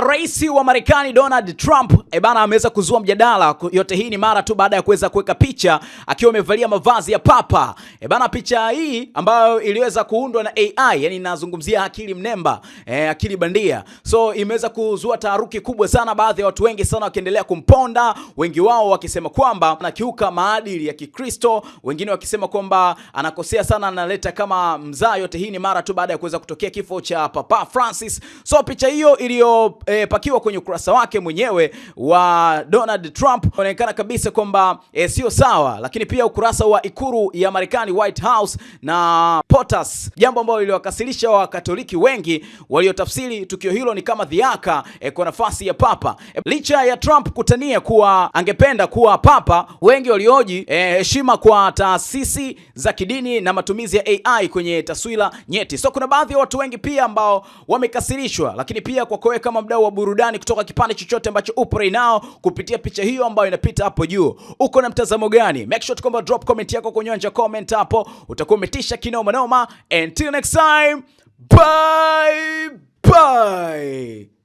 rais wa Marekani Donald Trump eh, bana, ameweza kuzua mjadala. Yote hii ni mara tu baada ya kuweza kuweka picha akiwa amevalia mavazi ya papa eh, bana, Picha hii ambayo iliweza kuundwa na AI, yani nazungumzia akili mnemba e, akili bandia, so imeweza kuzua taharuki kubwa sana, baadhi ya watu wengi sana wakiendelea kumponda, wengi wao wakisema kwamba anakiuka maadili ya Kikristo, wengine wakisema kwamba anakosea sana, analeta kama mzaa. Yote hii ni mara tu baada ya kuweza kutokea kifo cha Papa Francis. So picha hiyo iliyo e, kwenye ukurasa wake mwenyewe wa Donald Trump inaonekana kabisa kwamba e, sio sawa, lakini pia ukurasa wa ikuru ya Marekani White House na POTUS, jambo ambalo liliwakasirisha Wakatoliki wengi waliotafsiri tukio hilo ni kama dhiaka e, kwa nafasi ya papa e, licha ya Trump kutania kuwa angependa kuwa papa, wengi walioji heshima kwa taasisi za kidini na matumizi ya AI kwenye taswira nyeti. So kuna baadhi ya watu wengi pia ambao wamekasirishwa, lakini pia kwa kowe kama mdau wa burudani kutoka kipande chochote ambacho upo right now kupitia picha hiyo ambayo inapita hapo juu. Uko na mtazamo gani? Make sure tukomba drop comment yako kwenye anja comment hapo, utakuwa umetisha kinoma noma. Until next time, bye bye.